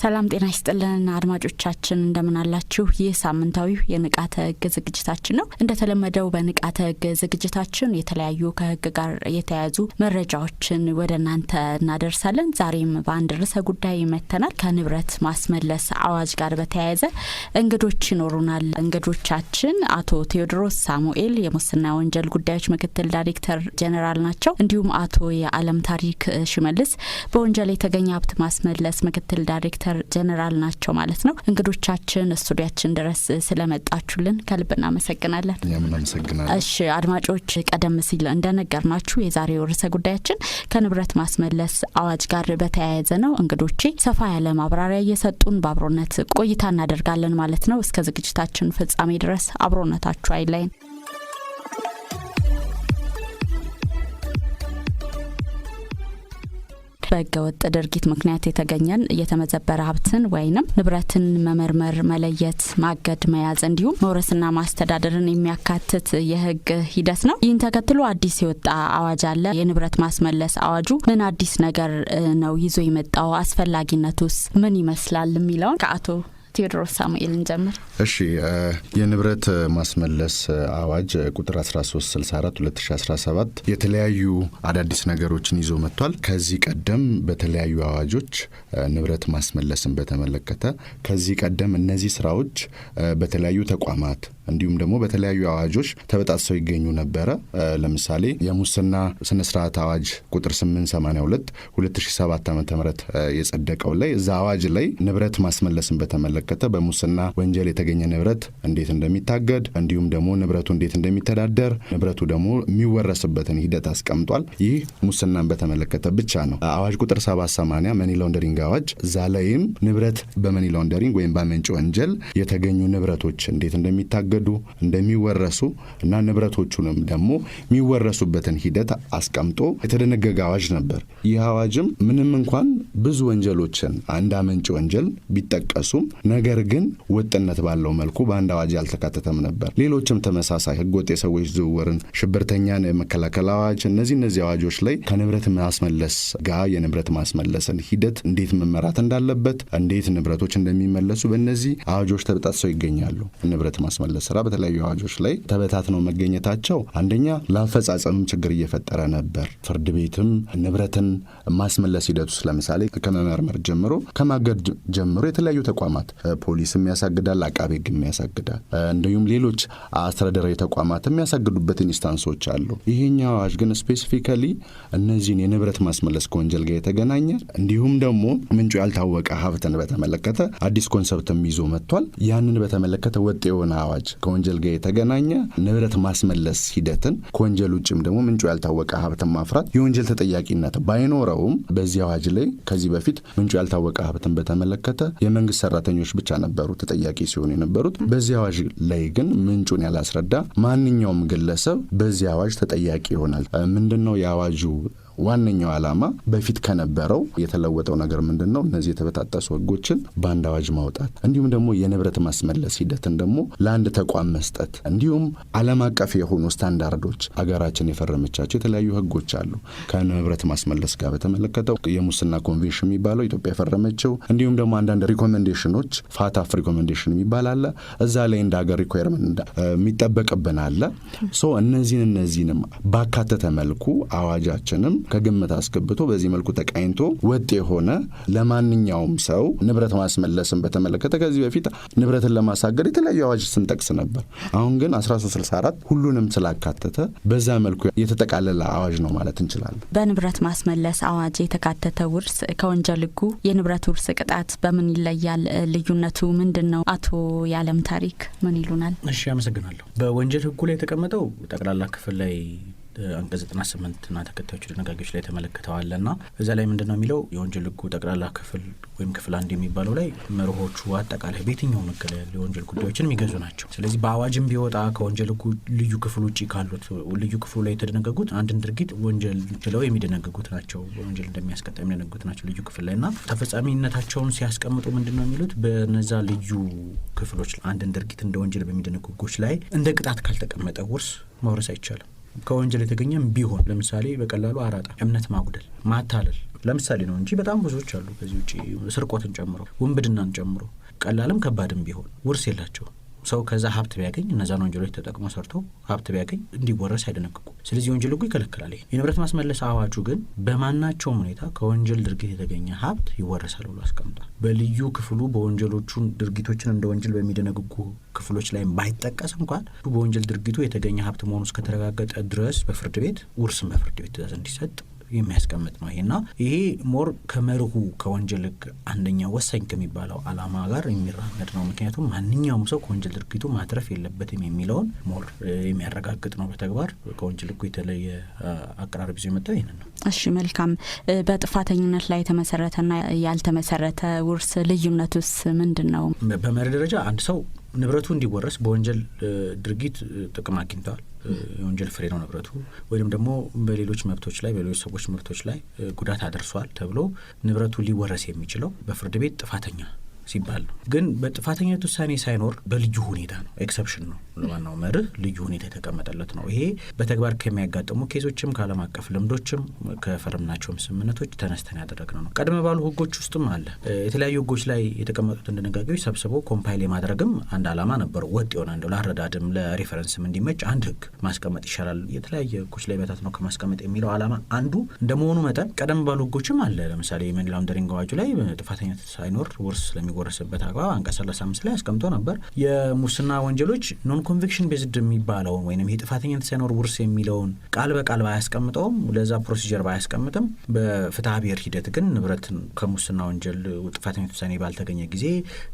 ሰላም ጤና ይስጥልን አድማጮቻችን እንደምን አላችሁ? ይህ ሳምንታዊው የንቃተ ህግ ዝግጅታችን ነው። እንደተለመደው በንቃተ ህግ ዝግጅታችን የተለያዩ ከህግ ጋር የተያያዙ መረጃዎችን ወደ እናንተ እናደርሳለን። ዛሬም በአንድ ርዕሰ ጉዳይ መጥተናል። ከንብረት ማስመለስ አዋጅ ጋር በተያያዘ እንግዶች ይኖሩናል። እንግዶቻችን አቶ ቴዎድሮስ ሳሙኤል የሙስና ወንጀል ጉዳዮች ምክትል ዳይሬክተር ጀኔራል ናቸው። እንዲሁም አቶ የአለም ታሪክ ሽመልስ በወንጀል የተገኘ ሀብት ማስመለስ ምክትል ዳይሬክተር ዳይሬክተር ጀኔራል ናቸው ማለት ነው። እንግዶቻችን ስቱዲያችን ድረስ ስለመጣችሁልን ከልብ እናመሰግናለን። እሺ አድማጮች፣ ቀደም ሲል እንደነገርናችሁ የዛሬው ርዕሰ ጉዳያችን ከንብረት ማስመለስ አዋጅ ጋር በተያያዘ ነው። እንግዶቼ ሰፋ ያለ ማብራሪያ እየሰጡን በአብሮነት ቆይታ እናደርጋለን ማለት ነው። እስከ ዝግጅታችን ፍጻሜ ድረስ አብሮነታችሁ አይለይን። በህገወጥ ድርጊት ምክንያት የተገኘን የተመዘበረ ሀብትን ወይንም ንብረትን መመርመር፣ መለየት፣ ማገድ፣ መያዝ እንዲሁም መውረስና ማስተዳደርን የሚያካትት የህግ ሂደት ነው። ይህን ተከትሎ አዲስ የወጣ አዋጅ አለ። የንብረት ማስመለስ አዋጁ ምን አዲስ ነገር ነው ይዞ የመጣው? አስፈላጊነቱስ ምን ይመስላል? የሚለውን ከአቶ ቴዎድሮስ ሳሙኤልን ጀምር። እሺ የንብረት ማስመለስ አዋጅ ቁጥር 1364 2017 የተለያዩ አዳዲስ ነገሮችን ይዞ መጥቷል። ከዚህ ቀደም በተለያዩ አዋጆች ንብረት ማስመለስን በተመለከተ ከዚህ ቀደም እነዚህ ስራዎች በተለያዩ ተቋማት እንዲሁም ደግሞ በተለያዩ አዋጆች ተበጣጥሰው ይገኙ ነበረ። ለምሳሌ የሙስና ስነስርዓት አዋጅ ቁጥር 882 2007 ዓ.ም የጸደቀው ላይ እዛ አዋጅ ላይ ንብረት ማስመለስን በተመለከተ በሙስና ወንጀል የተገኘ ንብረት እንዴት እንደሚታገድ እንዲሁም ደግሞ ንብረቱ እንዴት እንደሚተዳደር ንብረቱ ደግሞ የሚወረስበትን ሂደት አስቀምጧል። ይህ ሙስናን በተመለከተ ብቻ ነው። አዋጅ ቁጥር 780 መኒ ላውንደሪንግ አዋጅ እዛ ላይም ንብረት በመኒ ላውንደሪንግ ወይም በመንጭ ወንጀል የተገኙ ንብረቶች እንዴት እንደሚታገ እንደሚወገዱ እንደሚወረሱ እና ንብረቶቹንም ደግሞ የሚወረሱበትን ሂደት አስቀምጦ የተደነገገ አዋጅ ነበር። ይህ አዋጅም ምንም እንኳን ብዙ ወንጀሎችን አንድ አመንጭ ወንጀል ቢጠቀሱም ነገር ግን ወጥነት ባለው መልኩ በአንድ አዋጅ አልተካተተም ነበር። ሌሎችም ተመሳሳይ ህገወጥ የሰዎች ዝውውርን፣ ሽብርተኛን የመከላከል አዋጅ፣ እነዚህ እነዚህ አዋጆች ላይ ከንብረት ማስመለስ ጋር የንብረት ማስመለስን ሂደት እንዴት መመራት እንዳለበት፣ እንዴት ንብረቶች እንደሚመለሱ በእነዚህ አዋጆች ተበጣጥሰው ይገኛሉ። ንብረት ማስመለስ ስራ በተለያዩ አዋጆች ላይ ተበታትነው መገኘታቸው አንደኛ ለአፈጻጸምም ችግር እየፈጠረ ነበር። ፍርድ ቤትም ንብረትን ማስመለስ ሂደት ውስጥ ለምሳሌ ከመመርመር ጀምሮ ከማገድ ጀምሮ የተለያዩ ተቋማት ፖሊስም ያሳግዳል፣ አቃቤ ሕግም ያሳግዳል፣ እንዲሁም ሌሎች አስተዳደራዊ ተቋማት የሚያሳግዱበት ኢንስታንሶች አሉ። ይሄኛው አዋጅ ግን ስፔሲፊካሊ እነዚህን የንብረት ማስመለስ ከወንጀል ጋር የተገናኘ እንዲሁም ደግሞ ምንጩ ያልታወቀ ሀብትን በተመለከተ አዲስ ኮንሰፕትም ይዞ መጥቷል። ያንን በተመለከተ ወጥ የሆነ አዋጅ ከወንጀል ጋር የተገናኘ ንብረት ማስመለስ ሂደትን ከወንጀል ውጭም ደግሞ ምንጩ ያልታወቀ ሀብትን ማፍራት የወንጀል ተጠያቂነት ባይኖረውም በዚህ አዋጅ ላይ ከዚህ በፊት ምንጩ ያልታወቀ ሀብትን በተመለከተ የመንግስት ሰራተኞች ብቻ ነበሩ ተጠያቂ ሲሆኑ የነበሩት። በዚህ አዋጅ ላይ ግን ምንጩን ያላስረዳ ማንኛውም ግለሰብ በዚህ አዋጅ ተጠያቂ ይሆናል። ምንድን ነው የአዋጁ ዋነኛው ዓላማ በፊት ከነበረው የተለወጠው ነገር ምንድን ነው? እነዚህ የተበጣጠሱ ህጎችን በአንድ አዋጅ ማውጣት እንዲሁም ደግሞ የንብረት ማስመለስ ሂደትን ደግሞ ለአንድ ተቋም መስጠት እንዲሁም ዓለም አቀፍ የሆኑ ስታንዳርዶች አገራችን የፈረመቻቸው የተለያዩ ህጎች አሉ። ከንብረት ማስመለስ ጋር በተመለከተው የሙስና ኮንቬንሽን የሚባለው ኢትዮጵያ የፈረመችው እንዲሁም ደግሞ አንዳንድ ሪኮሜንዴሽኖች ፋታፍ ሪኮሜንዴሽን የሚባል አለ። እዛ ላይ እንደ ሀገር ሪኳርመንት የሚጠበቅብን አለ። ሶ እነዚህን እነዚህንም ባካተተ መልኩ አዋጃችንም ከግምት አስገብቶ በዚህ መልኩ ተቃኝቶ ወጥ የሆነ ለማንኛውም ሰው ንብረት ማስመለስን በተመለከተ ከዚህ በፊት ንብረትን ለማሳገድ የተለያዩ አዋጅ ስንጠቅስ ነበር። አሁን ግን 1364 ሁሉንም ስላካተተ በዛ መልኩ የተጠቃለለ አዋጅ ነው ማለት እንችላለን። በንብረት ማስመለስ አዋጅ የተካተተ ውርስ ከወንጀል ህጉ የንብረት ውርስ ቅጣት በምን ይለያል? ልዩነቱ ምንድን ነው? አቶ የአለም ታሪክ ምን ይሉናል? እሺ፣ አመሰግናለሁ። በወንጀል ህጉ ላይ የተቀመጠው ጠቅላላ ክፍል ላይ አንቀጽ 98 ና ተከታዮች ድንጋጌዎች ላይ ተመለክተዋለ ና እዛ ላይ ምንድን ነው የሚለው የወንጀል ህጉ ጠቅላላ ክፍል ወይም ክፍል አንድ የሚባለው ላይ መርሆቹ አጠቃላይ በየትኛው መገለ የወንጀል ጉዳዮችን የሚገዙ ናቸው። ስለዚህ በአዋጅም ቢወጣ ከወንጀል ህጉ ልዩ ክፍል ውጭ ካሉት ልዩ ክፍሉ ላይ የተደነገጉት አንድን ድርጊት ወንጀል ችለው የሚደነግጉት ናቸው። ወንጀል እንደሚያስቀጣ የሚደነግጉት ናቸው ልዩ ክፍል ላይ ና ተፈጻሚነታቸውን ሲያስቀምጡ ምንድን ነው የሚሉት በነዛ ልዩ ክፍሎች አንድን ድርጊት እንደ ወንጀል በሚደነግጎች ላይ እንደ ቅጣት ካልተቀመጠ ውርስ መውረስ አይቻልም። ከወንጀል የተገኘም ቢሆን ለምሳሌ በቀላሉ አራጣ፣ እምነት ማጉደል፣ ማታለል ለምሳሌ ነው እንጂ በጣም ብዙዎች አሉ። ከዚህ ውጭ ስርቆትን ጨምሮ ውንብድናን ጨምሮ ቀላልም ከባድም ቢሆን ውርስ የላቸውም። ሰው ከዛ ሀብት ቢያገኝ እነዛን ወንጀሎች ተጠቅሞ ሰርቶ ሀብት ቢያገኝ እንዲወረስ አይደነግጉ። ስለዚህ የወንጀል ህጉ ይከለክላል። ይሄ የንብረት ማስመለስ አዋጁ ግን በማናቸውም ሁኔታ ከወንጀል ድርጊት የተገኘ ሀብት ይወረሳል ብሎ አስቀምጧል። በልዩ ክፍሉ በወንጀሎቹን ድርጊቶችን እንደ ወንጀል በሚደነግጉ ክፍሎች ላይ ባይጠቀስ እንኳን በወንጀል ድርጊቱ የተገኘ ሀብት መሆኑ እስከተረጋገጠ ድረስ በፍርድ ቤት ውርስ በፍርድ ቤት ትእዛዝ እንዲሰጥ የሚያስቀምጥ ነው ይሄና ይሄ ሞር ከመርሁ ከወንጀል ህግ አንደኛ ወሳኝ ከሚባለው አላማ ጋር የሚራመድ ነው። ምክንያቱም ማንኛውም ሰው ከወንጀል ድርጊቱ ማትረፍ የለበትም የሚለውን ሞር የሚያረጋግጥ ነው። በተግባር ከወንጀል ህጉ የተለየ አቀራረብ ይዞ የመጣው ይህንን ነው። እሺ መልካም። በጥፋተኝነት ላይ የተመሰረተና ያልተመሰረተ ውርስ ልዩነቱስ ምንድን ነው? በመርህ ደረጃ አንድ ሰው ንብረቱ እንዲወረስ በወንጀል ድርጊት ጥቅም አግኝተዋል የወንጀል ፍሬ ነው ንብረቱ ወይም ደግሞ በሌሎች መብቶች ላይ በሌሎች ሰዎች መብቶች ላይ ጉዳት አድርሷል ተብሎ ንብረቱ ሊወረስ የሚችለው በፍርድ ቤት ጥፋተኛ ሲባል ነው። ግን በጥፋተኝነት ውሳኔ ሳይኖር በልዩ ሁኔታ ነው፣ ኤክሰፕሽን ነው። ዋናው መርህ ልዩ ሁኔታ የተቀመጠለት ነው። ይሄ በተግባር ከሚያጋጥሙ ኬሶችም ከዓለም አቀፍ ልምዶችም ከፈረምናቸውም ስምምነቶች ተነስተን ያደረግነው ነው። ቀድመ ባሉ ህጎች ውስጥም አለ። የተለያዩ ህጎች ላይ የተቀመጡትን ድንጋጌዎች ሰብስበው ኮምፓይል የማድረግም አንድ ዓላማ ነበረው። ወጥ የሆነ እንደው ለአረዳድም ለሬፈረንስም እንዲመች አንድ ህግ ማስቀመጥ ይሻላል፣ የተለያየ ህጎች ላይ በታት ነው ከማስቀመጥ የሚለው ዓላማ አንዱ እንደመሆኑ መጠን ቀደም ባሉ ህጎችም አለ። ለምሳሌ የመኒ ላውንደሪንግ አዋጁ ላይ ጥፋተኛ ሳይኖር ውርስ ስለሚ የተጎረሰበት አግባብ አንቀጽ 35 ላይ አስቀምጦ ነበር። የሙስና ወንጀሎች ኖን ኮንቪክሽን ቤዝድ የሚባለውን ወይም የጥፋተኝነት ሳይኖር ውርስ የሚለውን ቃል በቃል ባያስቀምጠውም ለዛ ፕሮሲጀር ባያስቀምጥም በፍትሐ ብሔር ሂደት ግን ንብረትን ከሙስና ወንጀል ጥፋተኝነት ውሳኔ ባልተገኘ ጊዜ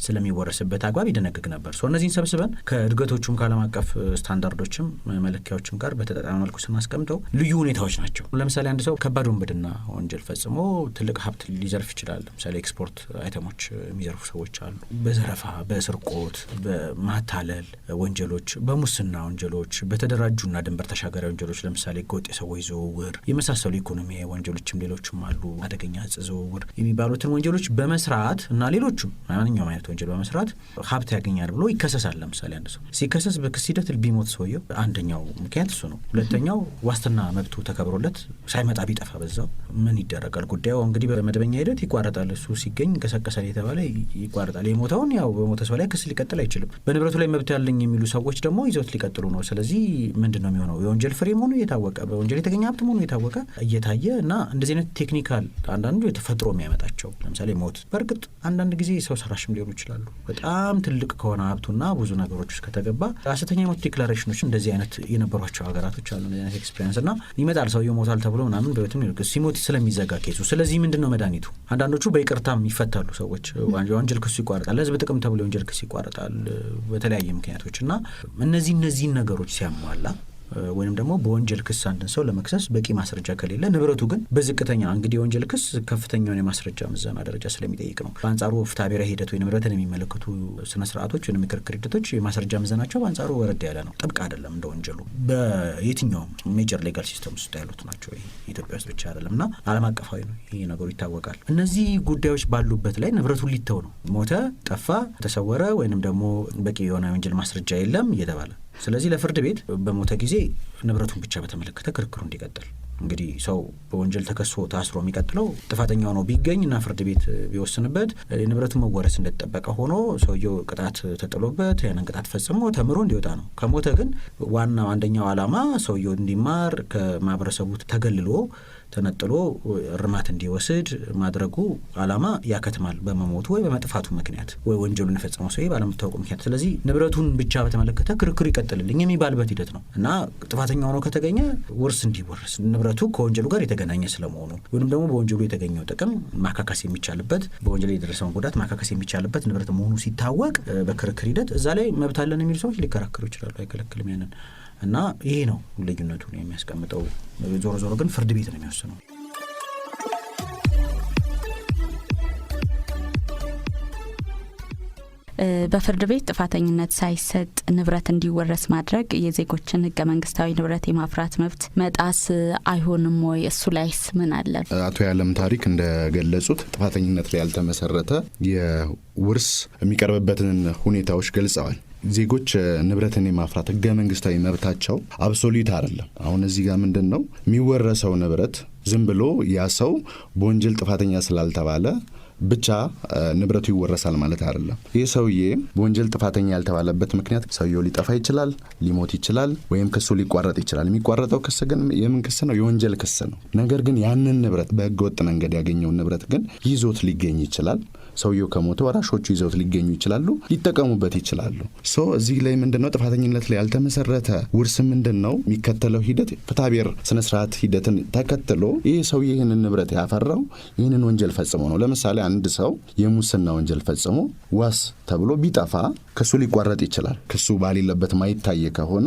ስለሚወረስበት አግባብ ይደነግግ ነበር። እነዚህን ሰብስበን ከእድገቶቹም ከዓለም አቀፍ ስታንዳርዶችም መለኪያዎችም ጋር በተጠጣሚ መልኩ ስናስቀምጠው ልዩ ሁኔታዎች ናቸው። ለምሳሌ አንድ ሰው ከባድ ወንብድና ወንጀል ፈጽሞ ትልቅ ሀብት ሊዘርፍ ይችላል። ለምሳሌ ኤክስፖርት አይተሞች የሚዘርፉ ሰዎች አሉ። በዘረፋ በስርቆት፣ በማታለል ወንጀሎች፣ በሙስና ወንጀሎች፣ በተደራጁና ድንበር ተሻጋሪ ወንጀሎች ለምሳሌ ህገወጥ የሰዎች ዝውውር የመሳሰሉ ኢኮኖሚ ወንጀሎችም ሌሎችም አሉ። አደገኛ እጽ ዝውውር የሚባሉትን ወንጀሎች በመስራት እና ሌሎችም ማንኛውም አይነት ወንጀል በመስራት ሀብት ያገኛል ብሎ ይከሰሳል። ለምሳሌ አንድ ሰው ሲከሰስ በክስ ሂደት ቢሞት ሰውየው አንደኛው ምክንያት እሱ ነው። ሁለተኛው ዋስትና መብቱ ተከብሮለት ሳይመጣ ቢጠፋ በዛው ምን ይደረጋል? ጉዳዩ እንግዲህ በመደበኛ ሂደት ይቋረጣል። እሱ ሲገኝ እንቀሳቀሳል የተባለ ይቋርጣል። የሞተውን ያው በሞተ ሰው ላይ ክስ ሊቀጥል አይችልም። በንብረቱ ላይ መብት ያለኝ የሚሉ ሰዎች ደግሞ ይዘውት ሊቀጥሉ ነው። ስለዚህ ምንድን ነው የሚሆነው? የወንጀል ፍሬ መሆኑ እየታወቀ በወንጀል የተገኘ ሀብት መሆኑ እየታወቀ እየታየ እና እንደዚህ አይነት ቴክኒካል አንዳንዱ የተፈጥሮ የሚያመጣቸው ለምሳሌ ሞት፣ በእርግጥ አንዳንድ ጊዜ ሰው ሰራሽም ሊሆኑ ይችላሉ። በጣም ትልቅ ከሆነ ሀብቱና ብዙ ነገሮች ውስጥ ከተገባ ሀሰተኛ የሞት ዲክላሬሽኖች እንደዚህ አይነት የነበሯቸው ሀገራቶች አሉ። እንደዚህ አይነት ኤክስፔሪንስ እና ይመጣል ሰው ይሞታል ተብሎ ምናምን በቤትም ሲሞት ስለሚዘጋ ኬሱ። ስለዚህ ምንድን ነው መድኃኒቱ? አንዳንዶቹ በይቅርታም ይፈታሉ ሰዎች የወንጀል ክሱ ይቋረጣል፣ ለህዝብ ጥቅም ተብሎ የወንጀል ክሱ ይቋረጣል በተለያየ ምክንያቶች እና እነዚህ እነዚህን ነገሮች ሲያሟላ ወይም ደግሞ በወንጀል ክስ አንድን ሰው ለመክሰስ በቂ ማስረጃ ከሌለ ንብረቱ ግን በዝቅተኛ እንግዲህ የወንጀል ክስ ከፍተኛውን የማስረጃ ምዘና ደረጃ ስለሚጠይቅ ነው። በአንጻሩ ፍትሐብሔራዊ ሂደት ወይ ንብረትን የሚመለከቱ ስነ ወይም ሂደቶች የማስረጃ ምዘናቸው በአንጻሩ ወረድ ያለ ነው፣ ጥብቅ አይደለም። እንደ ወንጀሉ በየትኛውም ሜጀር ሌጋል ሲስተም ውስጥ ያሉት ናቸው። ኢትዮጵያ ውስጥ ብቻ አይደለም እና ዓለም አቀፋዊ ነው። ይህ ነገሩ ይታወቃል። እነዚህ ጉዳዮች ባሉበት ላይ ንብረቱ ሊተው ነው። ሞተ፣ ጠፋ፣ ተሰወረ ወይንም ደግሞ በቂ የሆነ የወንጀል ማስረጃ የለም እየተባለ ስለዚህ ለፍርድ ቤት በሞተ ጊዜ ንብረቱን ብቻ በተመለከተ ክርክሩ እንዲቀጥል እንግዲህ ሰው በወንጀል ተከሶ ታስሮ የሚቀጥለው ጥፋተኛ ነው ቢገኝ እና ፍርድ ቤት ቢወስንበት ንብረቱ መወረስ እንደተጠበቀ ሆኖ ሰውየው ቅጣት ተጥሎበት ያንን ቅጣት ፈጽሞ ተምሮ እንዲወጣ ነው። ከሞተ ግን ዋናው አንደኛው ዓላማ ሰውየው እንዲማር ከማህበረሰቡ ተገልሎ ተነጥሎ እርማት እንዲወስድ ማድረጉ አላማ ያከትማል። በመሞቱ ወይ በመጥፋቱ ምክንያት ወይ ወንጀሉን የፈጸመው ሰው ባለመታወቁ ምክንያት ስለዚህ ንብረቱን ብቻ በተመለከተ ክርክር ይቀጥልልኝ የሚባልበት ሂደት ነው እና ጥፋተኛ ሆኖ ከተገኘ ውርስ እንዲወርስ ንብረቱ ከወንጀሉ ጋር የተገናኘ ስለመሆኑ ወይም ደግሞ በወንጀሉ የተገኘው ጥቅም ማካከስ የሚቻልበት በወንጀል የደረሰውን ጉዳት ማካከስ የሚቻልበት ንብረት መሆኑ ሲታወቅ በክርክር ሂደት እዛ ላይ መብት አለን የሚሉ ሰዎች ሊከራከሩ ይችላሉ። አይከለክልም ያንን እና ይሄ ነው ልዩነቱ የሚያስቀምጠው። ዞሮ ዞሮ ግን ፍርድ ቤት ነው የሚወስነው። በፍርድ ቤት ጥፋተኝነት ሳይሰጥ ንብረት እንዲወረስ ማድረግ የዜጎችን ህገ መንግስታዊ ንብረት የማፍራት መብት መጣስ አይሆንም ወይ? እሱ ላይስ ስምን አለ? አቶ የዓለም ታሪክ እንደገለጹት ጥፋተኝነት ላይ ያልተመሰረተ የውርስ የሚቀርብበትን ሁኔታዎች ገልጸዋል። ዜጎች ንብረትን የማፍራት ህገ መንግስታዊ መብታቸው አብሶሊት አይደለም። አሁን እዚህ ጋር ምንድን ነው የሚወረሰው ንብረት ዝም ብሎ ያ ሰው በወንጀል ጥፋተኛ ስላልተባለ ብቻ ንብረቱ ይወረሳል ማለት አይደለም። ይህ ሰውዬ በወንጀል ጥፋተኛ ያልተባለበት ምክንያት ሰውየው ሊጠፋ ይችላል፣ ሊሞት ይችላል፣ ወይም ክሱ ሊቋረጥ ይችላል። የሚቋረጠው ክስ ግን የምን ክስ ነው? የወንጀል ክስ ነው። ነገር ግን ያንን ንብረት በህገ ወጥ መንገድ ያገኘውን ንብረት ግን ይዞት ሊገኝ ይችላል። ሰውየው ከሞተ ወራሾቹ ይዘውት ሊገኙ ይችላሉ፣ ሊጠቀሙበት ይችላሉ። ሶ እዚህ ላይ ምንድነው ጥፋተኝነት ላይ ያልተመሰረተ ውርስ ምንድን ነው የሚከተለው ሂደት ፍታቤር ስነስርዓት ሂደትን ተከትሎ ይህ ሰውዬ ይህንን ንብረት ያፈራው ይህንን ወንጀል ፈጽሞ ነው። ለምሳሌ አንድ ሰው የሙስና ወንጀል ፈጽሞ ዋስ ተብሎ ቢጠፋ ክሱ ሊቋረጥ ይችላል። ክሱ ባሌለበት ማይታየ ከሆነ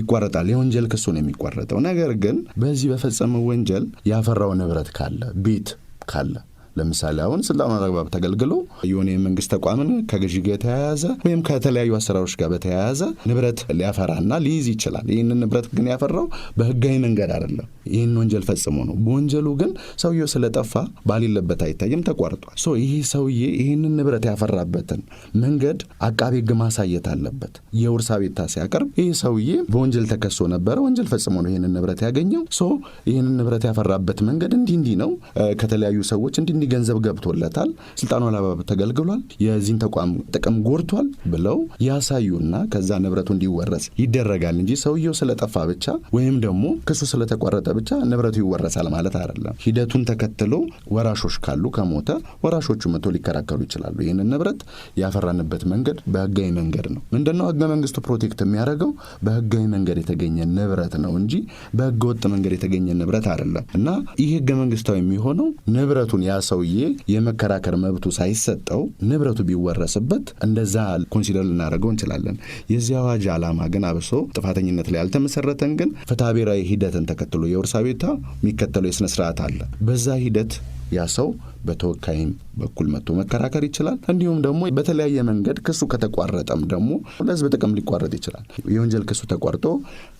ይቋረጣል። የወንጀል ክሱ ነው የሚቋረጠው። ነገር ግን በዚህ በፈጸመው ወንጀል ያፈራው ንብረት ካለ ቤት ካለ ለምሳሌ አሁን ስልጣኑን አግባብ ተገልግሎ የሆነ የመንግስት ተቋምን ከግዢ ጋር የተያያዘ ወይም ከተለያዩ አሰራሮች ጋር በተያያዘ ንብረት ሊያፈራና ሊይዝ ይችላል። ይህንን ንብረት ግን ያፈራው በህጋዊ መንገድ አይደለም፣ ይህን ወንጀል ፈጽሞ ነው። በወንጀሉ ግን ሰውየው ስለጠፋ ባሌለበት አይታይም፣ ተቋርጧል። ሶ ይህ ሰውዬ ይህንን ንብረት ያፈራበትን መንገድ አቃቤ ህግ ማሳየት አለበት። የውርሳ ቤታ ሲያቀርብ ይህ ሰውዬ በወንጀል ተከሶ ነበረ፣ ወንጀል ፈጽሞ ነው ይህንን ንብረት ያገኘው። ሶ ይህንን ንብረት ያፈራበት መንገድ እንዲህ እንዲህ ነው፣ ከተለያዩ ሰዎች እንዲህ ገንዘብ ገብቶለታል፣ ስልጣኑ ለማባብ ተገልግሏል፣ የዚህን ተቋም ጥቅም ጎድቷል ብለው ያሳዩና ከዛ ንብረቱ እንዲወረስ ይደረጋል እንጂ ሰውየው ስለጠፋ ብቻ ወይም ደግሞ ክሱ ስለተቋረጠ ብቻ ንብረቱ ይወረሳል ማለት አይደለም። ሂደቱን ተከትሎ ወራሾች ካሉ ከሞተ ወራሾቹ መቶ ሊከራከሩ ይችላሉ። ይህንን ንብረት ያፈራንበት መንገድ በህጋዊ መንገድ ነው። ምንድነው ህገ መንግስቱ ፕሮቴክት የሚያደርገው በህጋዊ መንገድ የተገኘ ንብረት ነው እንጂ በህገ ወጥ መንገድ የተገኘ ንብረት አይደለም እና ይህ ህገ መንግስታዊ የሚሆነው ንብረቱን ያሰው ሰውዬ የመከራከር መብቱ ሳይሰጠው ንብረቱ ቢወረስበት እንደዛ ኮንሲደር ልናደርገው እንችላለን። የዚህ አዋጅ ዓላማ ግን አብሶ ጥፋተኝነት ላይ ያልተመሰረተን ግን ፍትሐ ብሔራዊ ሂደትን ተከትሎ የውርሳ ቤታ የሚከተለው የሥነ ስርዓት አለ። በዛ ሂደት ያ ሰው በተወካይም በኩል መጥቶ መከራከር ይችላል። እንዲሁም ደግሞ በተለያየ መንገድ ክሱ ከተቋረጠም ደግሞ ለህዝብ ጥቅም ሊቋረጥ ይችላል። የወንጀል ክሱ ተቋርጦ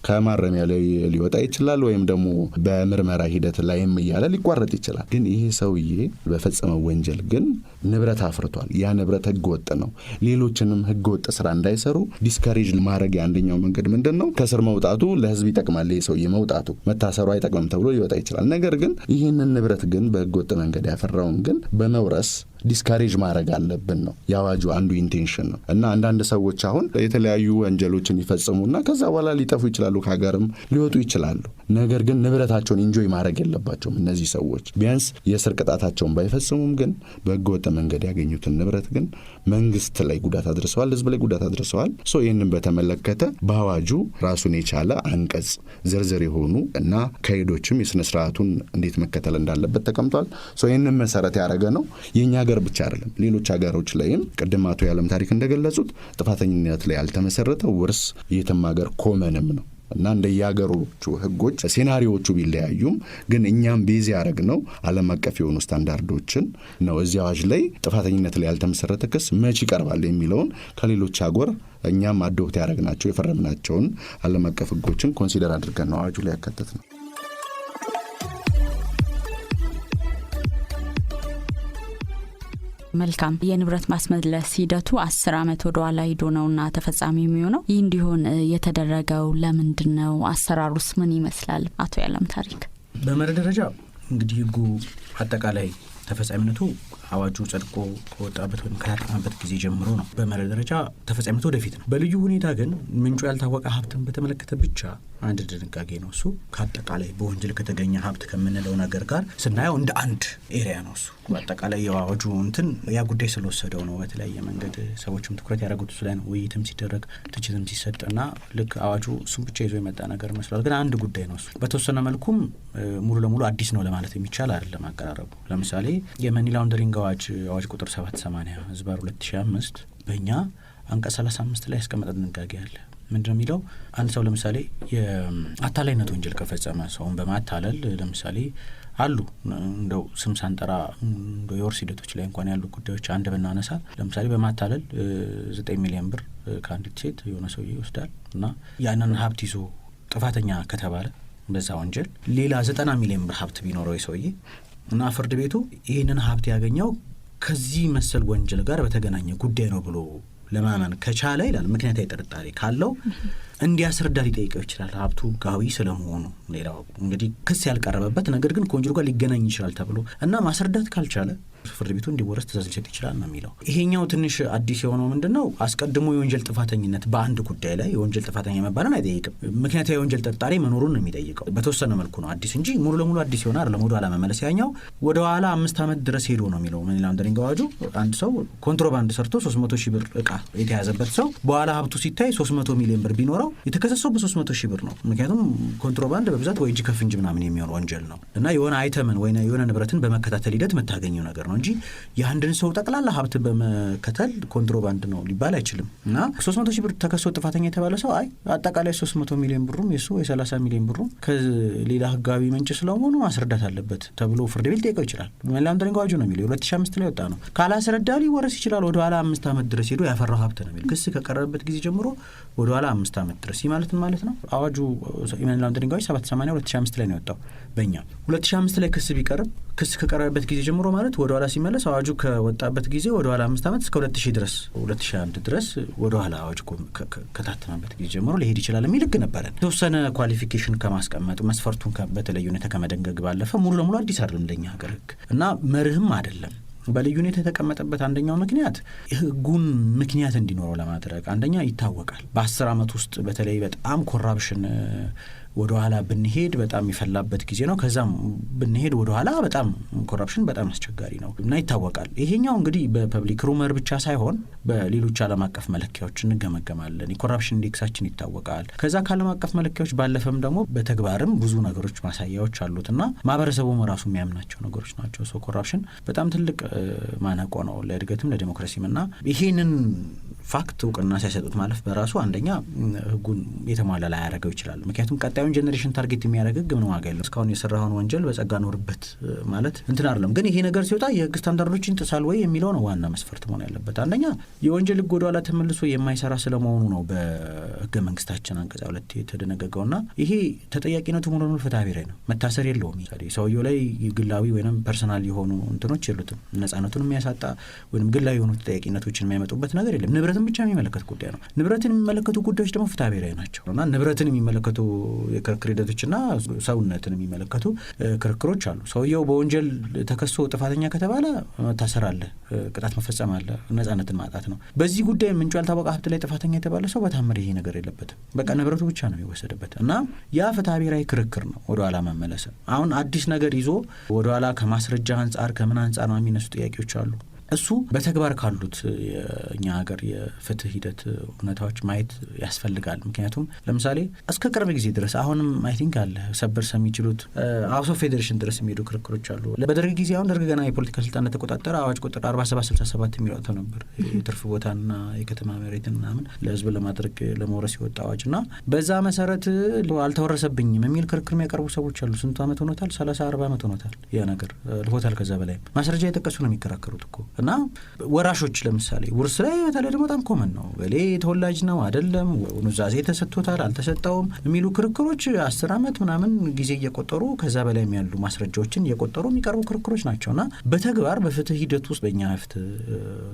ከማረሚያ ላይ ሊወጣ ይችላል፣ ወይም ደግሞ በምርመራ ሂደት ላይም እያለ ሊቋረጥ ይችላል። ግን ይሄ ሰውዬ በፈጸመው ወንጀል ግን ንብረት አፍርቷል። ያ ንብረት ህገወጥ ወጥ ነው። ሌሎችንም ህገወጥ ወጥ ስራ እንዳይሰሩ ዲስካሬጅ ማድረግ የአንደኛው መንገድ ምንድን ነው? ከስር መውጣቱ ለህዝብ ይጠቅማል። ይህ ሰውዬ መውጣቱ መታሰሩ አይጠቅምም ተብሎ ሊወጣ ይችላል። ነገር ግን ይህንን ንብረት ግን በህገወጥ ወጥ መንገድ ያፈራውን ግን በነውረስ ዲስካሬጅ ማድረግ አለብን ነው የአዋጁ አንዱ ኢንቴንሽን ነው። እና አንዳንድ ሰዎች አሁን የተለያዩ ወንጀሎችን ይፈጽሙና ከዛ በኋላ ሊጠፉ ይችላሉ፣ ከሀገርም ሊወጡ ይችላሉ። ነገር ግን ንብረታቸውን ኢንጆይ ማድረግ የለባቸውም እነዚህ ሰዎች ቢያንስ የእስር ቅጣታቸውን ባይፈጽሙም ግን በህገወጥ መንገድ ያገኙትን ንብረት ግን መንግስት ላይ ጉዳት አድርሰዋል፣ ህዝብ ላይ ጉዳት አድርሰዋል። ሶ ይህንን በተመለከተ በአዋጁ ራሱን የቻለ አንቀጽ ዝርዝር የሆኑ እና ከሄዶችም የስነስርዓቱን እንዴት መከተል እንዳለበት ተቀምጧል። ሶ ይህንን መሰረት ያደረገ ነው የእኛ ሀገር ብቻ አይደለም፣ ሌሎች ሀገሮች ላይም ቅድም አቶ የዓለም ታሪክ እንደገለጹት ጥፋተኝነት ላይ ያልተመሰረተ ውርስ የትም ሀገር ኮመንም ነው እና እንደየሀገሮቹ ህጎች ሴናሪዎቹ ቢለያዩም ግን እኛም ቤዝ ነው ዓለም አቀፍ የሆኑ ስታንዳርዶችን ነው። እዚህ አዋጅ ላይ ጥፋተኝነት ላይ ያልተመሰረተ ክስ መች ይቀርባል የሚለውን ከሌሎች አጎር እኛም አዶብት ያደረግናቸው የፈረምናቸውን ዓለም አቀፍ ህጎችን ኮንሲደር አድርገን ነው አዋጁ ላይ ያካተት ነው። መልካም የንብረት ማስመለስ ሂደቱ አስር አመት ወደ ኋላ ሂዶ ነውና ተፈጻሚ የሚሆነው ይህ እንዲሆን የተደረገው ለምንድን ነው? አሰራሩስ ምን ይመስላል? አቶ ያለም ታሪክ በመርህ ደረጃ እንግዲህ ህጉ አጠቃላይ ተፈጻሚነቱ አዋጁ ጸድቆ ከወጣበት ወይም ከታተመበት ጊዜ ጀምሮ ነው። በመርህ ደረጃ ተፈጻሚነቱ ወደፊት ነው። በልዩ ሁኔታ ግን ምንጩ ያልታወቀ ሀብትን በተመለከተ ብቻ አንድ ድንጋጌ ነው። እሱ ከአጠቃላይ በወንጀል ከተገኘ ሀብት ከምንለው ነገር ጋር ስናየው እንደ አንድ ኤሪያ ነው። እሱ በአጠቃላይ የአዋጁ እንትን ያ ጉዳይ ስለወሰደው ነው። በተለያየ መንገድ ሰዎችም ትኩረት ያደረጉት እሱ ላይ ነው። ውይይትም ሲደረግ ትችትም ሲሰጥ እና ልክ አዋጁ እሱም ብቻ ይዞ የመጣ ነገር መስሏል። ግን አንድ ጉዳይ ነው። እሱ በተወሰነ መልኩም ሙሉ ለሙሉ አዲስ ነው ለማለት የሚቻል አይደለም አቀራረቡ ለምሳሌ የመኒ ላውንደሪንግ አዋጅ አዋጅ ቁጥር 780 ህዝባር አምስት በእኛ አንቀጽ አምስት ላይ ያስቀመጠ ድንጋጌ አለ። ምንድነው የሚለው? አንድ ሰው ለምሳሌ የአታላይነት ወንጀል ከፈጸመ ሰውን በማታለል ለምሳሌ አሉ እንደው ስም ሳንጠራ የወርስ ሂደቶች ላይ እንኳን ያሉ ጉዳዮች አንድ ብናነሳ ለምሳሌ በማታለል ዘጠኝ ሚሊዮን ብር ከአንዲት ሴት የሆነ ሰው ይወስዳል እና ያንን ሀብት ይዞ ጥፋተኛ ከተባለ በዛ ወንጀል ሌላ ዘጠና ሚሊዮን ብር ሀብት ቢኖረው የሰውዬ እና ፍርድ ቤቱ ይህንን ሀብት ያገኘው ከዚህ መሰል ወንጀል ጋር በተገናኘ ጉዳይ ነው ብሎ ለማመን ከቻለ ይላል ምክንያታዊ ጥርጣሬ ካለው እንዲያስረዳ ሊጠይቀው ይችላል። ሀብቱ ጋዊ ስለመሆኑ ሌላው እንግዲህ ክስ ያልቀረበበት ነገር ግን ከወንጀሉ ጋር ሊገናኝ ይችላል ተብሎ እና ማስረዳት ካልቻለ ፍርድ ቤቱ እንዲወረስ ትእዛዝ ሊሰጥ ይችላል ነው የሚለው። ይሄኛው ትንሽ አዲስ የሆነው ምንድን ነው? አስቀድሞ የወንጀል ጥፋተኝነት በአንድ ጉዳይ ላይ የወንጀል ጥፋተኛ መባልን አይጠይቅም። ምክንያታዊ የወንጀል ጠርጣሪ መኖሩን ነው የሚጠይቀው። በተወሰነ መልኩ ነው አዲስ እንጂ ሙሉ ለሙሉ አዲስ የሆነ አይደለም። ወደኋላ መመለስ ያኛው ኋላ አምስት ዓመት ድረስ ሄዶ ነው የሚለው መኒ ላውንደሪንግ አዋጁ። አንድ ሰው ኮንትሮባንድ ሰርቶ 300 ሺህ ብር እቃ የተያዘበት ሰው በኋላ ሀብቱ ሲታይ 300 ሚሊዮን ብር ቢኖረው የተከሰሰው በ300 ሺህ ብር ነው። ምክንያቱም ኮንትሮባንድ በብዛት ወይ እጅ ከፍንጅ ምናምን የሚሆን ወንጀል ነው እና የሆነ አይተምን ወይ የሆነ ንብረትን በመከታተል ሂደት መታገኘው ነገር ነው እንጂ የአንድን ሰው ጠቅላላ ሀብት በመከተል ኮንትሮባንድ ነው ሊባል አይችልም። እና ሶስት መቶ ሺህ ብር ተከሶ ጥፋተኛ የተባለ ሰው አይ አጠቃላይ ሶስት መቶ ሚሊዮን ብሩም የሱ ሰላሳ ሚሊዮን ብሩም ከሌላ ህጋዊ ምንጭ ስለመሆኑ ማስረዳት አለበት ተብሎ ፍርድ ቤት ጠይቀው ይችላል። መላም ተንጓጁ ነው የሚለው ሁለት ሺህ አምስት ላይ ወጣ ነው። ካላስረዳ ሊወረስ ይችላል። ወደ ኋላ አምስት ዓመት ድረስ ሄዶ ያፈራው ሀብት ነው የሚለው ክስ ከቀረበበት ጊዜ ጀምሮ ወደ ኋላ አምስት ዓመት ድረስ ይህ ማለትን ማለት ነው። አዋጁ መላም ተንጓጅ ሰባት ሰማንያ ሁለት ሺህ አምስት ላይ ነው የወጣው በእኛ 2005 ላይ ክስ ቢቀርብ ክስ ከቀረበበት ጊዜ ጀምሮ ማለት ወደኋላ ሲመለስ አዋጁ ከወጣበት ጊዜ ወደኋላ አምስት ዓመት እስከ 2000 ድረስ 2001 ድረስ ወደኋላ አዋጅ ከታተመበት ጊዜ ጀምሮ ሊሄድ ይችላል የሚል ህግ ነበረን። የተወሰነ ኳሊፊኬሽን ከማስቀመጥ መስፈርቱን በተለየ ሁኔታ ከመደንገግ ባለፈ ሙሉ ለሙሉ አዲስ አይደለም ለእኛ ሀገር ህግ እና መርህም አይደለም። በልዩ ሁኔታ የተቀመጠበት አንደኛው ምክንያት ህጉን ምክንያት እንዲኖረው ለማድረግ አንደኛ ይታወቃል። በአስር ዓመት ውስጥ በተለይ በጣም ኮራፕሽን ወደኋላ ብንሄድ በጣም የሚፈላበት ጊዜ ነው። ከዛም ብንሄድ ወደኋላ በጣም ኮረፕሽን በጣም አስቸጋሪ ነው እና ይታወቃል። ይሄኛው እንግዲህ በፐብሊክ ሩመር ብቻ ሳይሆን በሌሎች ዓለም አቀፍ መለኪያዎች እንገመገማለን። የኮረፕሽን ኢንዴክሳችን ይታወቃል። ከዛ ከዓለም አቀፍ መለኪያዎች ባለፈም ደግሞ በተግባርም ብዙ ነገሮች ማሳያዎች አሉት እና ማህበረሰቡም ራሱ የሚያምናቸው ነገሮች ናቸው። ሰው ኮረፕሽን በጣም ትልቅ ማነቆ ነው ለእድገትም ለዲሞክራሲም እና ይሄንን ፋክት እውቅና ሳይሰጡት ማለፍ በራሱ አንደኛ ህጉን የተሟላ ላይ ያደረገው ይችላል። ምክንያቱም ቀጣዩ ቀጣዩን ጀኔሬሽን ታርጌት የሚያደርግ ህግ ምን ዋጋ የለም። እስካሁን የሰራውን ወንጀል በጸጋ ኖርበት ማለት እንትን አይደለም። ግን ይሄ ነገር ሲወጣ የህግ ስታንዳርዶች ጥሳል ወይ የሚለው ነው ዋና መስፈርት መሆን ያለበት። አንደኛ የወንጀል ህግ ወደኋላ ተመልሶ የማይሰራ ስለመሆኑ ነው በህገ መንግስታችን አንቀጽ ሁለት የተደነገገውና ይሄ ተጠያቂነቱ ሙሉ ሙሉ ፍትሐ ብሔራዊ ነው። መታሰር የለውም። ሰውየው ላይ ግላዊ ወይም ፐርሰናል የሆኑ እንትኖች የሉትም። ነጻነቱን የሚያሳጣ ወይም ግላዊ የሆኑ ተጠያቂነቶችን የሚያመጡበት ነገር የለም። ንብረትን ብቻ የሚመለከት ጉዳይ ነው። ንብረትን የሚመለከቱ ጉዳዮች ደግሞ ፍትሐ ብሔራዊ ናቸው እና ንብረትን የሚመለከቱ የክርክር ሂደቶችና ሰውነትን የሚመለከቱ ክርክሮች አሉ። ሰውየው በወንጀል ተከሶ ጥፋተኛ ከተባለ መታሰር አለ፣ ቅጣት መፈጸም አለ፣ ነጻነትን ማጣት ነው። በዚህ ጉዳይ ምንጩ ያልታወቀ ሀብት ላይ ጥፋተኛ የተባለ ሰው በታምር ይሄ ነገር የለበትም። በቃ ንብረቱ ብቻ ነው የሚወሰድበት እና ያ ፍትሐ ብሔራዊ ክርክር ነው። ወደኋላ መመለስ አሁን አዲስ ነገር ይዞ ወደኋላ ከማስረጃ አንጻር ከምን አንጻር ነው የሚነሱ ጥያቄዎች አሉ። እሱ በተግባር ካሉት የእኛ ሀገር የፍትህ ሂደት እውነታዎች ማየት ያስፈልጋል። ምክንያቱም ለምሳሌ እስከ ቅርብ ጊዜ ድረስ አሁንም አይ ቲንክ አለ ሰበር ሰሚ ችሎት አውሶ ፌዴሬሽን ድረስ የሚሄዱ ክርክሮች አሉ። በደርግ ጊዜ አሁን ደርግ ገና የፖለቲካ ስልጣን እንደተቆጣጠረ አዋጅ ቁጥር ሰባት ስልሳ ሰባት ወጥተው ነበር። የትርፍ ቦታና የከተማ መሬትን ምናምን ለህዝብ ለማድረግ ለመውረስ የወጣ አዋጅ እና በዛ መሰረት አልተወረሰብኝም የሚል ክርክር የሚያቀርቡ ሰዎች አሉ። ስንቱ አመት ሆኖታል? ሰላሳ አርባ አመት ሆኖታል። ያ ነገር ልፎታል። ከዛ በላይ ማስረጃ የጠቀሱ ነው የሚከራከሩት እኮ እና ወራሾች ለምሳሌ ውርስ ላይ በተለይ ደግሞ በጣም ኮመን ነው። በሌ ተወላጅ ነው አይደለም፣ ኑዛዜ ተሰጥቶታል አልተሰጠውም የሚሉ ክርክሮች አስር ዓመት ምናምን ጊዜ እየቆጠሩ ከዛ በላይም ያሉ ማስረጃዎችን እየቆጠሩ የሚቀርቡ ክርክሮች እና በተግባር በፍትህ ሂደት ውስጥ በእኛ ፍትህ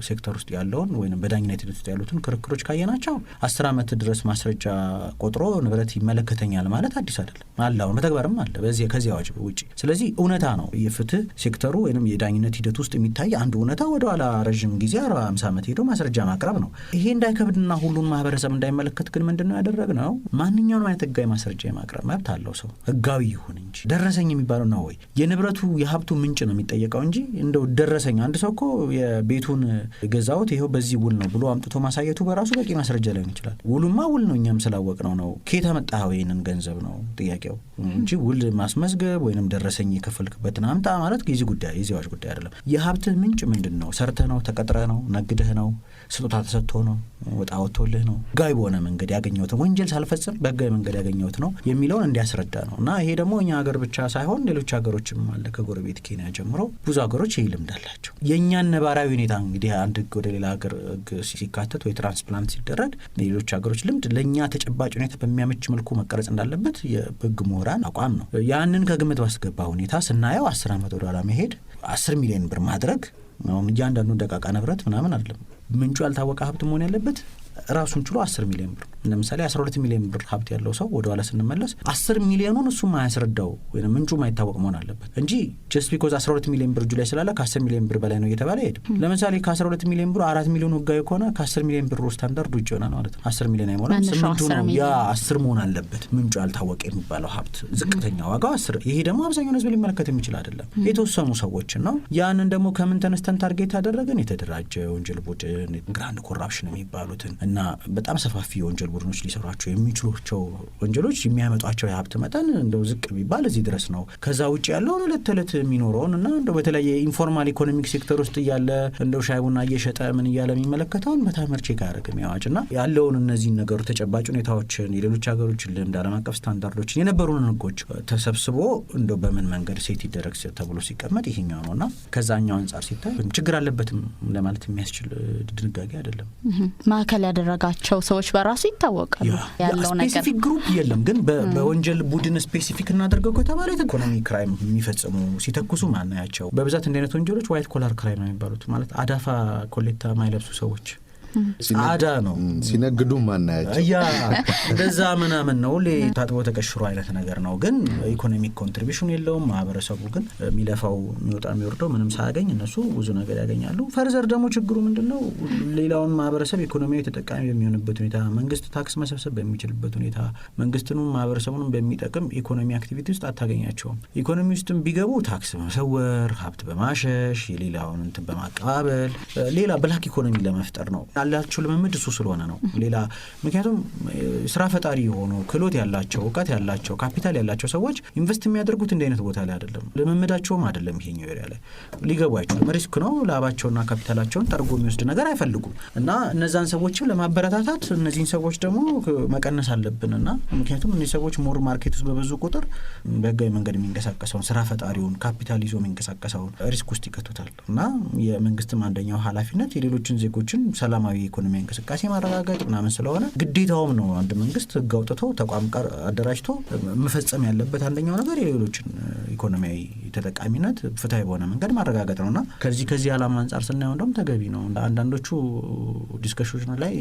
ሴክተር ውስጥ ያለውን ወይም በዳኝነት ሂደት ውስጥ ያሉትን ክርክሮች ካየናቸው አስር ዓመት ድረስ ማስረጃ ቆጥሮ ንብረት ይመለከተኛል ማለት አዲስ አይደለም። አለ አሁን በተግባርም አለ በዚህ ከዚህ አዋጅ ውጭ። ስለዚህ እውነታ ነው የፍትህ ሴክተሩ ወይም የዳኝነት ሂደት ውስጥ የሚታይ አንዱ እውነታ ወደኋላ ረዥም ጊዜ አርባ አምስት ዓመት ሄዶ ማስረጃ ማቅረብ ነው። ይሄ እንዳይከብድና ሁሉን ማህበረሰብ እንዳይመለከት ግን ምንድን ነው ያደረግነው? ማንኛውንም አይነት ህጋዊ ማስረጃ የማቅረብ መብት አለው ሰው ህጋዊ ይሁን እንጂ ደረሰኝ የሚባለው ነው ወይ የንብረቱ የሀብቱ ምንጭ ነው የሚጠየቀው እንጂ እንደው ደረሰኝ አንድ ሰው እኮ የቤቱን ገዛሁት ይኸው በዚህ ውል ነው ብሎ አምጥቶ ማሳየቱ በራሱ በቂ ማስረጃ ሊሆን ይችላል። ውሉማ ውል ነው፣ እኛም ስላወቅ ነው ነው ከየት አመጣኸው ይህንን ገንዘብ ነው ጥያቄው እንጂ ውል ማስመዝገብ ወይንም ደረሰኝ የከፈልክበትን አምጣ ማለት የዚህ ጉዳይ የዚህ ጉዳይ አይደለም። የሀብትህ ምንጭ ምንድን ነው? ነው። ሰርተህ ነው፣ ተቀጥረህ ነው፣ ነግደህ ነው፣ ስጦታ ተሰጥቶ ነው፣ ወጣ ወጥቶልህ ነው፣ ህጋዊ በሆነ መንገድ ያገኘሁት ወንጀል ሳልፈጽም በህጋዊ መንገድ ያገኘሁት ነው የሚለውን እንዲያስረዳ ነው። እና ይሄ ደግሞ እኛ ሀገር ብቻ ሳይሆን ሌሎች ሀገሮችም አለ። ከጎረቤት ኬንያ ጀምሮ ብዙ ሀገሮች ይህ ልምድ አላቸው። የእኛን ነባራዊ ሁኔታ እንግዲህ አንድ ህግ ወደ ሌላ ሀገር ህግ ሲካተት ወይ ትራንስፕላንት ሲደረግ ሌሎች ሀገሮች ልምድ ለእኛ ተጨባጭ ሁኔታ በሚያመች መልኩ መቀረጽ እንዳለበት የህግ ምሁራን አቋም ነው። ያንን ከግምት ባስገባ ሁኔታ ስናየው አስር ዓመት ወደኋላ መሄድ አስር ሚሊዮን ብር ማድረግ አሁን እያንዳንዱን ደቃቃ ንብረት ምናምን አይደለም ምንጩ ያልታወቀ ሀብት መሆን ያለበት ራሱን ችሎ አስር ሚሊዮን ብር ለምሳሌ 12 ሚሊዮን ብር ሀብት ያለው ሰው ወደኋላ ስንመለስ 10 ሚሊዮኑን እሱ ማያስረዳው ወይም ምንጩ ማይታወቅ መሆን አለበት እንጂ ጀስት ቢኮዝ 12 ሚሊዮን ብር እጁ ላይ ስላለ ከ10 ሚሊዮን ብር በላይ ነው እየተባለ ሄድ ለምሳሌ ከ12 ሚሊዮን ብሩ አራት ሚሊዮን ህጋዊ ከሆነ ከ10 ሚሊዮን ብሩ ስታንዳርድ ውጭ ይሆናል ማለት ነው። 10 ሚሊዮን አይሞላም፣ ስምንቱ ነው። ያ 10 መሆን አለበት ምንጩ ያልታወቀ የሚባለው ሀብት ዝቅተኛ ዋጋው 10። ይሄ ደግሞ አብዛኛውን ህዝብ ሊመለከት የሚችል አይደለም፣ የተወሰኑ ሰዎችን ነው። ያንን ደግሞ ከምን ተነስተን ታርጌት ያደረግን የተደራጀ የወንጀል ቡድን ግራንድ ኮራፕሽን የሚባሉትን እና በጣም ሰፋፊ የወንጀል ቡድኖች ሊሰሯቸው የሚችሏቸው ወንጀሎች የሚያመጧቸው የሀብት መጠን እንደው ዝቅ የሚባል እዚህ ድረስ ነው። ከዛ ውጭ ያለውን እለት ተዕለት የሚኖረውን እና እንደው በተለያየ ኢንፎርማል ኢኮኖሚክ ሴክተር ውስጥ እያለ እንደው ሻይ ቡና እየሸጠ ምን እያለ የሚመለከተውን በታምር ቼክ አያደርግም ያዋጭ እና ያለውን እነዚህን ነገሮች ተጨባጭ ሁኔታዎችን የሌሎች ሀገሮችን ልምድ፣ ዓለም አቀፍ ስታንዳርዶችን የነበሩን ህጎች ተሰብስቦ እንደው በምን መንገድ ሴት ይደረግ ተብሎ ሲቀመጥ ይሄኛው ነው እና ከዛኛው አንጻር ሲታይ ችግር አለበትም ለማለት የሚያስችል ድንጋጌ አይደለም። ማዕከል ያደረጋቸው ሰዎች በራሱ ይታወቃሉ። ስፔሲፊክ ግሩፕ የለም፣ ግን በወንጀል ቡድን ስፔሲፊክ እናደርገው ከተባለ ኢኮኖሚ ክራይም የሚፈጽሙ ሲተኩሱ ማናያቸው በብዛት እንዲህ አይነት ወንጀሎች ዋይት ኮላር ክራይም ነው የሚባሉት ማለት አዳፋ ኮሌታ ማይለብሱ ሰዎች አዳ ነው ሲነግዱ ማናያቸው ያ እንደዛ ምናምን ነው ሌ ታጥቦ ተቀሽሮ አይነት ነገር ነው። ግን ኢኮኖሚክ ኮንትሪቢሽን የለውም። ማህበረሰቡ ግን የሚለፋው የሚወጣ የሚወርደው ምንም ሳያገኝ እነሱ ብዙ ነገር ያገኛሉ። ፈርዘር ደግሞ ችግሩ ምንድን ነው? ሌላውን ማህበረሰብ ኢኮኖሚያዊ ተጠቃሚ በሚሆንበት ሁኔታ መንግስት ታክስ መሰብሰብ በሚችልበት ሁኔታ መንግስትንም ማህበረሰቡንም በሚጠቅም ኢኮኖሚ አክቲቪቲ ውስጥ አታገኛቸውም። ኢኮኖሚ ውስጥም ቢገቡ ታክስ በመሰወር ሀብት በማሸሽ የሌላውን እንትን በማቀባበል ሌላ ብላክ ኢኮኖሚ ለመፍጠር ነው። ያላቸው ልምምድ እሱ ስለሆነ ነው። ሌላ ምክንያቱም ስራ ፈጣሪ የሆኑ ክህሎት ያላቸው እውቀት ያላቸው ካፒታል ያላቸው ሰዎች ኢንቨስት የሚያደርጉት እንደ አይነት ቦታ ላይ አይደለም። ልምምዳቸውም አይደለም። ይሄኛው ኤሪያ ላይ ሊገቡ አይችሉም። ሪስክ ነው። ላባቸውና ካፒታላቸውን ጠርጎ የሚወስድ ነገር አይፈልጉም እና እነዛን ሰዎችም ለማበረታታት እነዚህን ሰዎች ደግሞ መቀነስ አለብን እና ምክንያቱም እነዚህ ሰዎች ሞር ማርኬት ውስጥ በብዙ ቁጥር በህጋዊ መንገድ የሚንቀሳቀሰውን ስራ ፈጣሪውን ካፒታል ይዞ የሚንቀሳቀሰውን ሪስክ ውስጥ ይከቱታል እና የመንግስትም አንደኛው ኃላፊነት የሌሎችን ዜጎችን ሰላማዊ ሰላማዊ ኢኮኖሚ እንቅስቃሴ ማረጋገጥ ምናምን ስለሆነ ግዴታውም ነው። አንድ መንግስት ህግ አውጥቶ ተቋም አደራጅቶ መፈጸም ያለበት አንደኛው ነገር የሌሎችን ኢኮኖሚያዊ ተጠቃሚነት ፍትሀዊ በሆነ መንገድ ማረጋገጥ ነውና ከዚህ ከዚህ ዓላማ አንጻር ስናየው እንደውም ተገቢ ነው። አንዳንዶቹ ዲስከሽኖች ላይ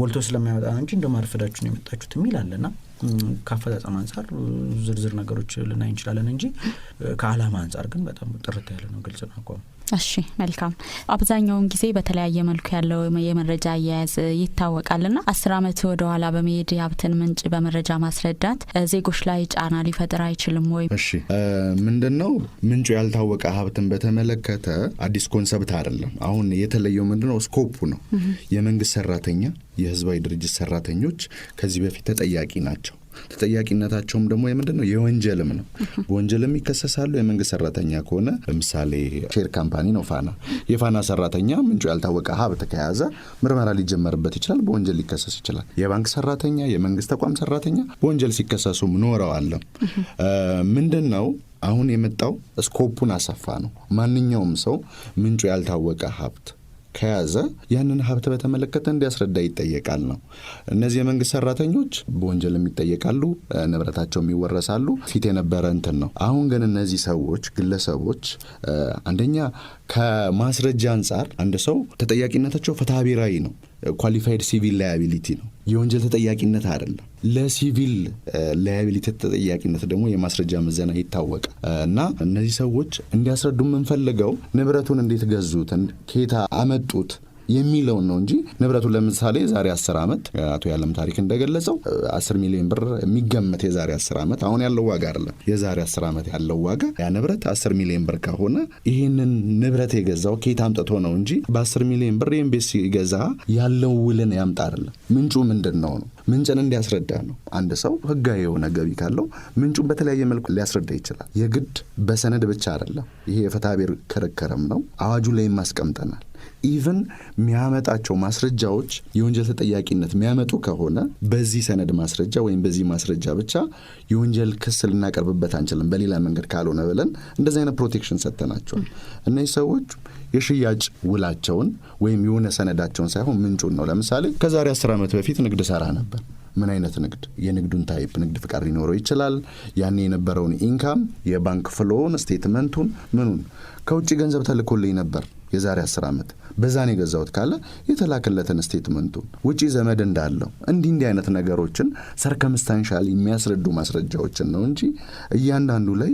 ጎልቶ ስለማይወጣ ነው እንጂ እንደማርፈዳችሁ ነው የመጣችሁት የሚል አለና ከአፈጻጸም አንጻር ዝርዝር ነገሮች ልናይ እንችላለን እንጂ ከአላማ አንጻር ግን በጣም ጥርት ያለ ነው፣ ግልጽ ነው እሺ መልካም። አብዛኛውን ጊዜ በተለያየ መልኩ ያለው የመረጃ አያያዝ ና አስር አመት ወደ ኋላ በመሄድ የሀብትን ምንጭ በመረጃ ማስረዳት ዜጎች ላይ ጫና ሊፈጥር አይችልም ወይ? እሺ ምንድን ነው ምንጩ ያልታወቀ ሀብትን በተመለከተ አዲስ ኮንሰብት አይደለም። አሁን የተለየው ምንድነው ስኮፑ ነው። የመንግስት ሰራተኛ፣ የህዝባዊ ድርጅት ሰራተኞች ከዚህ በፊት ተጠያቂ ናቸው። ተጠያቂነታቸውም ደግሞ የምንድን ነው? የወንጀልም ነው። በወንጀልም ይከሰሳሉ። የመንግስት ሰራተኛ ከሆነ ለምሳሌ ሼር ካምፓኒ ነው ፋና። የፋና ሰራተኛ ምንጩ ያልታወቀ ሀብት ከያዘ ምርመራ ሊጀመርበት ይችላል፣ በወንጀል ሊከሰስ ይችላል። የባንክ ሰራተኛ፣ የመንግስት ተቋም ሰራተኛ በወንጀል ሲከሰሱም ኖረዋለም። ምንድን ነው አሁን የመጣው ስኮፑን አሰፋ ነው። ማንኛውም ሰው ምንጩ ያልታወቀ ሀብት ከያዘ ያንን ሀብት በተመለከተ እንዲያስረዳ ይጠየቃል ነው። እነዚህ የመንግስት ሰራተኞች በወንጀልም ይጠየቃሉ፣ ንብረታቸውም ይወረሳሉ። ፊት የነበረ እንትን ነው። አሁን ግን እነዚህ ሰዎች ግለሰቦች አንደኛ ከማስረጃ አንጻር አንድ ሰው ተጠያቂነታቸው ፍትሐ ብሔራዊ ነው። ኳሊፋይድ ሲቪል ላያቢሊቲ ነው፣ የወንጀል ተጠያቂነት አይደለም። ለሲቪል ላያቢሊቲ ተጠያቂነት ደግሞ የማስረጃ ምዘና ይታወቃል። እና እነዚህ ሰዎች እንዲያስረዱ የምንፈልገው ንብረቱን እንዴት ገዙት፣ ኬታ አመጡት የሚለውን ነው እንጂ ንብረቱን ለምሳሌ ዛሬ አስር ዓመት አቶ ያለም ታሪክ እንደገለጸው አስር ሚሊዮን ብር የሚገመት የዛሬ አስር ዓመት አሁን ያለው ዋጋ አለ የዛሬ አስር ዓመት ያለው ዋጋ ያ ንብረት አስር ሚሊዮን ብር ከሆነ ይህንን ንብረት የገዛው ኬት አምጥቶ ነው እንጂ በአስር ሚሊዮን ብር ኤምቤሲ ገዛ ያለው ውልን ያምጣ አይደለም። ምንጩ ምንድን ነው ነው ምንጭን እንዲያስረዳ ነው። አንድ ሰው ህጋዊ የሆነ ገቢ ካለው ምንጩን በተለያየ መልኩ ሊያስረዳ ይችላል። የግድ በሰነድ ብቻ አይደለም። ይሄ የፈታቤር ክርክርም ነው። አዋጁ ላይም አስቀምጠናል። ኢቨን የሚያመጣቸው ማስረጃዎች የወንጀል ተጠያቂነት የሚያመጡ ከሆነ በዚህ ሰነድ ማስረጃ ወይም በዚህ ማስረጃ ብቻ የወንጀል ክስ ልናቀርብበት አንችልም፣ በሌላ መንገድ ካልሆነ ብለን እንደዚህ አይነት ፕሮቴክሽን ሰጥተናቸዋል። እነዚህ ሰዎች የሽያጭ ውላቸውን ወይም የሆነ ሰነዳቸውን ሳይሆን ምንጩን ነው። ለምሳሌ ከዛሬ አስር ዓመት በፊት ንግድ ሰራ ነበር። ምን አይነት ንግድ? የንግዱን ታይፕ ንግድ ፍቃድ ሊኖረው ይችላል። ያኔ የነበረውን ኢንካም፣ የባንክ ፍሎውን፣ ስቴትመንቱን፣ ምኑን ከውጭ ገንዘብ ተልኮልኝ ነበር የዛሬ አስር ዓመት በዛን የገዛሁት ካለ የተላከለትን ስቴትመንቱ ውጪ ዘመድ እንዳለው እንዲህ እንዲህ አይነት ነገሮችን ሰርከምስታንሻል የሚያስረዱ ማስረጃዎችን ነው እንጂ እያንዳንዱ ላይ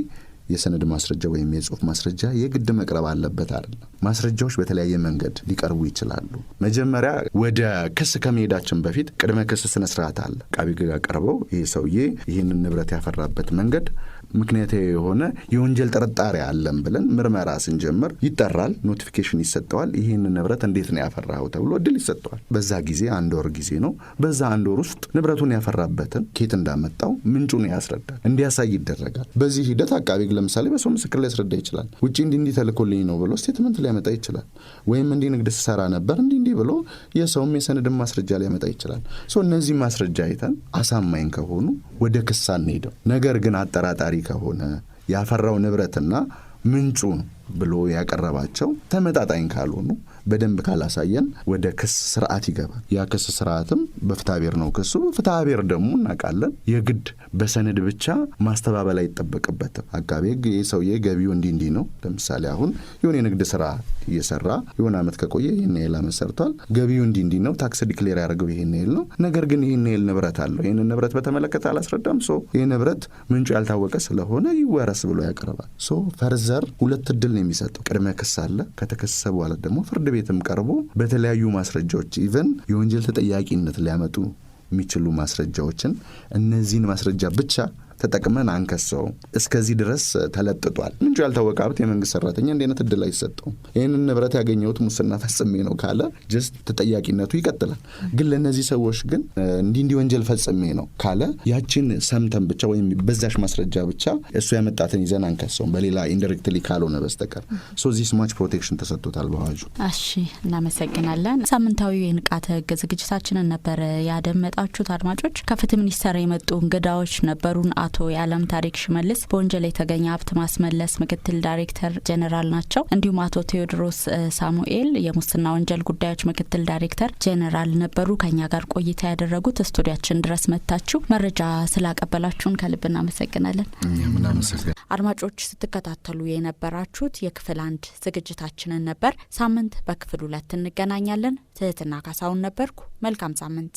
የሰነድ ማስረጃ ወይም የጽሁፍ ማስረጃ የግድ መቅረብ አለበት አይደለም። ማስረጃዎች በተለያየ መንገድ ሊቀርቡ ይችላሉ። መጀመሪያ ወደ ክስ ከመሄዳችን በፊት ቅድመ ክስ ስነስርዓት አለ። አቃቤ ቀርበው ይህ ሰውዬ ይህንን ንብረት ያፈራበት መንገድ ምክንያታዊ የሆነ የወንጀል ጥርጣሬ አለን ብለን ምርመራ ስንጀምር ይጠራል፣ ኖቲፊኬሽን ይሰጠዋል። ይህን ንብረት እንዴት ነው ያፈራኸው ተብሎ እድል ይሰጠዋል። በዛ ጊዜ አንድ ወር ጊዜ ነው። በዛ አንድ ወር ውስጥ ንብረቱን ያፈራበትን ኬት እንዳመጣው ምንጩን ያስረዳል፣ እንዲያሳይ ይደረጋል። በዚህ ሂደት አቃቢ ለምሳሌ በሰው ምስክር ሊያስረዳ ይችላል። ውጭ እንዲህ እንዲህ ተልኮልኝ ነው ብሎ ስቴትመንት ሊያመጣ ይችላል። ወይም እንዲህ ንግድ ስሰራ ነበር እንዲህ እንዲህ ብሎ የሰውም የሰነድን ማስረጃ ሊያመጣ ይችላል። እነዚህ ማስረጃ አይተን አሳማኝ ከሆኑ ወደ ክስ አንሄደው። ነገር ግን አጠራጣሪ ተመራማሪ ከሆነ ያፈራው ንብረትና ምንጩ ብሎ ያቀረባቸው ተመጣጣኝ ካልሆኑ በደንብ ካላሳየን ወደ ክስ ስርዓት ይገባል። ያ ክስ ስርዓትም በፍትሐብሔር ነው። ክሱ ፍትሐብሔር ደግሞ እናውቃለን፣ የግድ በሰነድ ብቻ ማስተባበል አይጠበቅበትም። አቃቤ ሕግ ይህ ሰውዬ ገቢው እንዲህ እንዲህ ነው። ለምሳሌ አሁን የሆነ የንግድ ስራ እየሰራ የሆነ ዓመት ከቆየ ይህን ያህል ዓመት ሰርቷል፣ ገቢው እንዲህ እንዲህ ነው። ታክስ ዲክሌር ያደርገው ይህን ያህል ነው። ነገር ግን ይህን ያህል ንብረት አለው። ይህን ንብረት በተመለከተ አላስረዳም። ሶ ይህ ንብረት ምንጩ ያልታወቀ ስለሆነ ይወረስ ብሎ ያቀርባል። ሶ ፈርዘር ሁለት እድል ነው የሚሰጠው። ቅድመ ክስ አለ። ከተከሰሰ በኋላ ደግሞ ፍርድ ቤትም ቀርቦ በተለያዩ ማስረጃዎች ኢቨን የወንጀል ተጠያቂነት ሊያመጡ የሚችሉ ማስረጃዎችን እነዚህን ማስረጃ ብቻ ተጠቅመን አንከሰው እስከዚህ ድረስ ተለጥጧል። ምንጩ ያልታወቀ ሀብት የመንግስት ሰራተኛ እንዲህ አይነት እድል አይሰጠውም። ይህንን ንብረት ያገኘሁት ሙስና ፈጽሜ ነው ካለ ጀስት ተጠያቂነቱ ይቀጥላል። ግን ለእነዚህ ሰዎች ግን እንዲህ እንዲህ ወንጀል ፈጽሜ ነው ካለ ያችን ሰምተን ብቻ ወይም በዛሽ ማስረጃ ብቻ እሱ ያመጣትን ይዘን አንከሰውም፣ በሌላ ኢንዲሬክትሊ ካልሆነ በስተቀር ሶ ዚስ ማች ፕሮቴክሽን ተሰጥቶታል በአዋጁ። እሺ፣ እናመሰግናለን። ሳምንታዊ የንቃተ ህግ ዝግጅታችንን ነበር ያደመጣችሁት አድማጮች። ከፍትህ ሚኒስቴር የመጡ እንግዳዎች ነበሩን። አቶ የአለም ታሪክ ሽመልስ በወንጀል የተገኘ ሀብት ማስመለስ ምክትል ዳይሬክተር ጀኔራል ናቸው። እንዲሁም አቶ ቴዎድሮስ ሳሙኤል የሙስና ወንጀል ጉዳዮች ምክትል ዳይሬክተር ጀኔራል ነበሩ። ከኛ ጋር ቆይታ ያደረጉት ስቱዲያችን ድረስ መታችሁ መረጃ ስላቀበላችሁን ከልብ እናመሰግናለን። አድማጮች ስትከታተሉ የነበራችሁት የክፍል አንድ ዝግጅታችንን ነበር። ሳምንት በክፍል ሁለት እንገናኛለን። ትህትና ካሳውን ነበርኩ። መልካም ሳምንት።